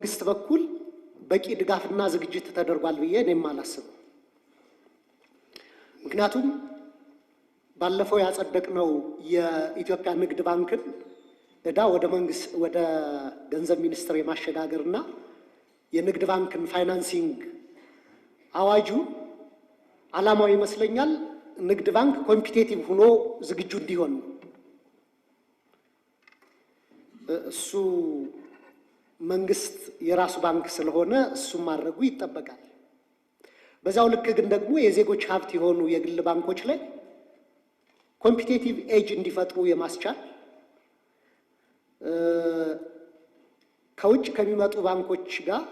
መንግስት በኩል በቂ ድጋፍና ዝግጅት ተደርጓል ብዬ እኔም አላስብም። ምክንያቱም ባለፈው ያጸደቅነው የኢትዮጵያ ንግድ ባንክን እዳ ወደ መንግስት ወደ ገንዘብ ሚኒስቴር የማሸጋገርና የንግድ ባንክን ፋይናንሲንግ አዋጁ ዓላማው ይመስለኛል ንግድ ባንክ ኮምፒቴቲቭ ሆኖ ዝግጁ እንዲሆን እሱ መንግስት የራሱ ባንክ ስለሆነ እሱም ማድረጉ ይጠበቃል። በዛው ልክ ግን ደግሞ የዜጎች ሀብት የሆኑ የግል ባንኮች ላይ ኮምፒቴቲቭ ኤጅ እንዲፈጥሩ የማስቻል ከውጭ ከሚመጡ ባንኮች ጋር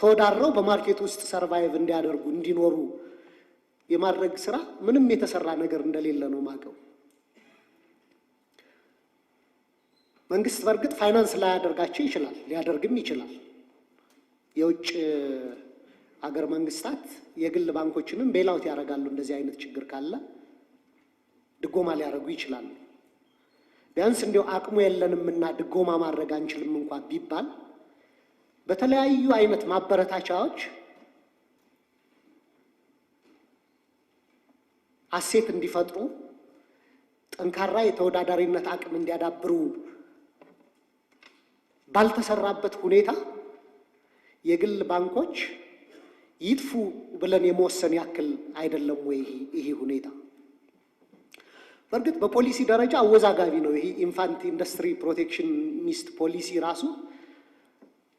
ተወዳድረው በማርኬት ውስጥ ሰርቫይቭ እንዲያደርጉ እንዲኖሩ የማድረግ ስራ ምንም የተሰራ ነገር እንደሌለ ነው ማቀው። መንግስት በእርግጥ ፋይናንስ ላያደርጋቸው ይችላል፣ ሊያደርግም ይችላል። የውጭ አገር መንግስታት የግል ባንኮችንም ቤላውት ያደርጋሉ። እንደዚህ አይነት ችግር ካለ ድጎማ ሊያደርጉ ይችላሉ። ቢያንስ እንዲሁ አቅሙ የለንም እና ድጎማ ማድረግ አንችልም እንኳ ቢባል በተለያዩ አይነት ማበረታቻዎች አሴት እንዲፈጥሩ ጠንካራ የተወዳዳሪነት አቅም እንዲያዳብሩ ባልተሰራበት ሁኔታ የግል ባንኮች ይጥፉ ብለን የመወሰን ያክል አይደለም ወይ ይሄ ሁኔታ? በእርግጥ በፖሊሲ ደረጃ አወዛጋቢ ነው። ይሄ ኢንፋንት ኢንዱስትሪ ፕሮቴክሽን ሚስት ፖሊሲ ራሱ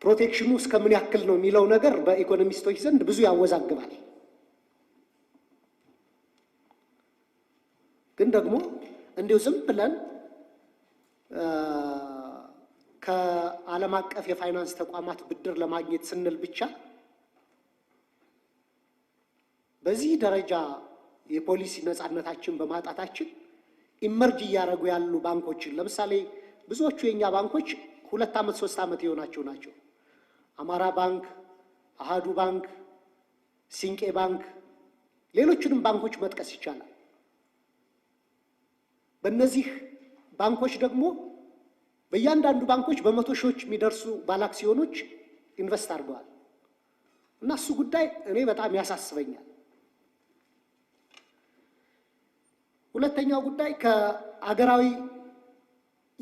ፕሮቴክሽኑ እስከ ምን ያክል ነው የሚለው ነገር በኢኮኖሚስቶች ዘንድ ብዙ ያወዛግባል። ግን ደግሞ እንዲሁ ዝም ብለን ከዓለም አቀፍ የፋይናንስ ተቋማት ብድር ለማግኘት ስንል ብቻ በዚህ ደረጃ የፖሊሲ ነፃነታችን በማጣታችን ኢመርጅ እያደረጉ ያሉ ባንኮችን ለምሳሌ ብዙዎቹ የእኛ ባንኮች ሁለት ዓመት ሶስት ዓመት የሆናቸው ናቸው። አማራ ባንክ፣ አሃዱ ባንክ፣ ሲንቄ ባንክ፣ ሌሎችንም ባንኮች መጥቀስ ይቻላል። በእነዚህ ባንኮች ደግሞ በእያንዳንዱ ባንኮች በመቶ ሺዎች የሚደርሱ ባለአክሲዮኖች ኢንቨስት አድርገዋል እና እሱ ጉዳይ እኔ በጣም ያሳስበኛል። ሁለተኛው ጉዳይ ከአገራዊ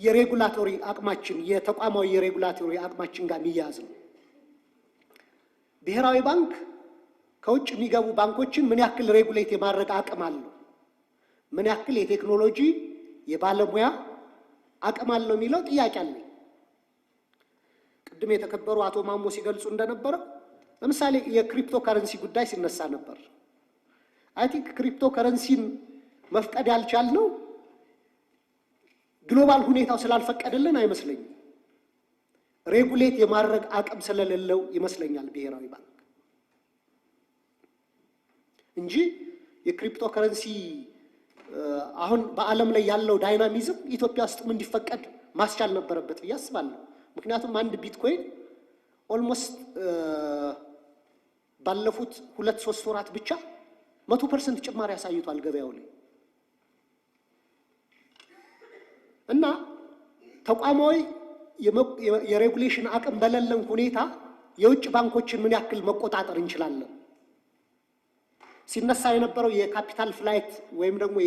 የሬጉላቶሪ አቅማችን የተቋማዊ የሬጉላቶሪ አቅማችን ጋር የሚያያዝ ነው። ብሔራዊ ባንክ ከውጭ የሚገቡ ባንኮችን ምን ያክል ሬጉሌት የማድረግ አቅም አለው? ምን ያክል የቴክኖሎጂ የባለሙያ አቅም አለው የሚለው ጥያቄ አለ። ቅድም የተከበሩ አቶ ማሞ ሲገልጹ እንደነበረው ለምሳሌ የክሪፕቶ ከረንሲ ጉዳይ ሲነሳ ነበር። አይ ቲንክ ክሪፕቶ ከረንሲን መፍቀድ ያልቻልነው ግሎባል ሁኔታው ስላልፈቀደልን አይመስለኝም። ሬጉሌት የማድረግ አቅም ስለሌለው ይመስለኛል ብሔራዊ ባንክ እንጂ የክሪፕቶ ከረንሲ አሁን በዓለም ላይ ያለው ዳይናሚዝም ኢትዮጵያ ውስጥም እንዲፈቀድ ማስቻል ነበረበት ብዬ አስባለሁ። ምክንያቱም አንድ ቢትኮይን ኦልሞስት ባለፉት ሁለት ሶስት ወራት ብቻ መቶ ፐርሰንት ጭማሪ አሳይቷል ገበያው ላይ እና ተቋማዊ የሬጉሌሽን አቅም በሌለን ሁኔታ የውጭ ባንኮችን ምን ያክል መቆጣጠር እንችላለን? ሲነሳ የነበረው የካፒታል ፍላይት ወይም ደግሞ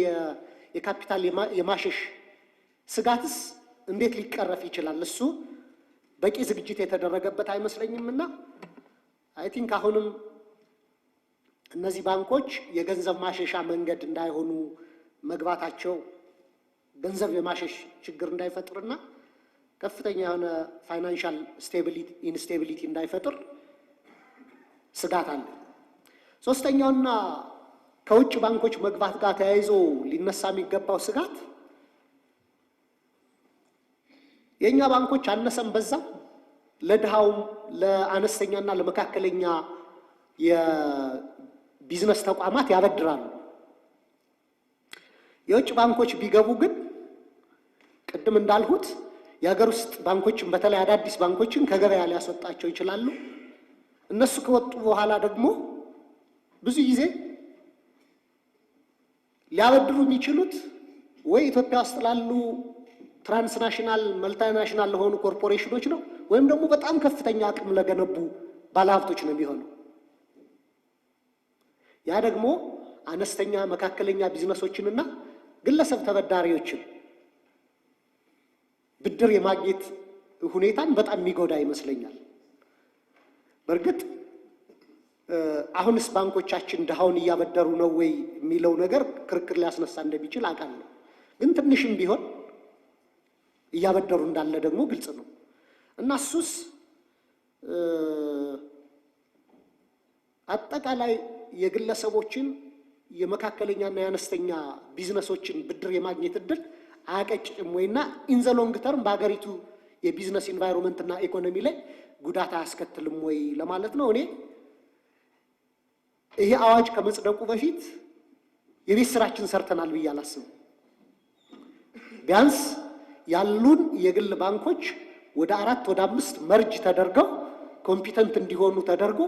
የካፒታል የማሸሽ ስጋትስ እንዴት ሊቀረፍ ይችላል? እሱ በቂ ዝግጅት የተደረገበት አይመስለኝም እና አይ ቲንክ አሁንም እነዚህ ባንኮች የገንዘብ ማሸሻ መንገድ እንዳይሆኑ መግባታቸው ገንዘብ የማሸሽ ችግር እንዳይፈጥርና ከፍተኛ የሆነ ፋይናንሻል ኢንስቴቢሊቲ እንዳይፈጥር ስጋት አለ። ሶስተኛውና ከውጭ ባንኮች መግባት ጋር ተያይዞ ሊነሳ የሚገባው ስጋት የእኛ ባንኮች አነሰም በዛ ለድሃውም ለአነስተኛና ለመካከለኛ የቢዝነስ ተቋማት ያበድራሉ። የውጭ ባንኮች ቢገቡ ግን ቅድም እንዳልሁት የሀገር ውስጥ ባንኮችን በተለይ አዳዲስ ባንኮችን ከገበያ ሊያስወጣቸው ይችላሉ። እነሱ ከወጡ በኋላ ደግሞ ብዙ ጊዜ ሊያበድሩ የሚችሉት ወይ ኢትዮጵያ ውስጥ ላሉ ትራንስናሽናል መልታናሽናል ለሆኑ ኮርፖሬሽኖች ነው ወይም ደግሞ በጣም ከፍተኛ አቅም ለገነቡ ባለሀብቶች ነው የሚሆነው። ያ ደግሞ አነስተኛ መካከለኛ ቢዝነሶችንና ግለሰብ ተበዳሪዎችን ብድር የማግኘት ሁኔታን በጣም የሚጎዳ ይመስለኛል በእርግጥ አሁንስ ባንኮቻችን ድሃውን እያበደሩ ነው ወይ የሚለው ነገር ክርክር ሊያስነሳ እንደሚችል አውቃለሁ። ግን ትንሽም ቢሆን እያበደሩ እንዳለ ደግሞ ግልጽ ነው እና እሱስ አጠቃላይ የግለሰቦችን የመካከለኛና የአነስተኛ ቢዝነሶችን ብድር የማግኘት እድል አያቀጭጭም ወይና ኢንዘሎንግ ተርም በሀገሪቱ የቢዝነስ ኢንቫይሮንመንትና ኢኮኖሚ ላይ ጉዳት አያስከትልም ወይ ለማለት ነው እኔ ይሄ አዋጅ ከመጽደቁ በፊት የቤት ስራችን ሰርተናል ብዬ አላስብም። ቢያንስ ያሉን የግል ባንኮች ወደ አራት ወደ አምስት መርጅ ተደርገው ኮምፒተንት እንዲሆኑ ተደርጎ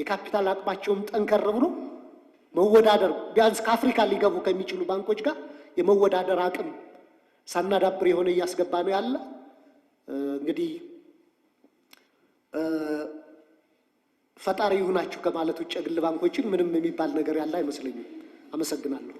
የካፒታል አቅማቸውም ጠንከር ብሎ መወዳደር ቢያንስ ከአፍሪካ ሊገቡ ከሚችሉ ባንኮች ጋር የመወዳደር አቅም ሳናዳብር የሆነ እያስገባ ነው ያለ እንግዲህ ፈጣሪ ይሁናችሁ ከማለት ውጭ የግል ባንኮችን ምንም የሚባል ነገር ያለ አይመስለኝም። አመሰግናለሁ።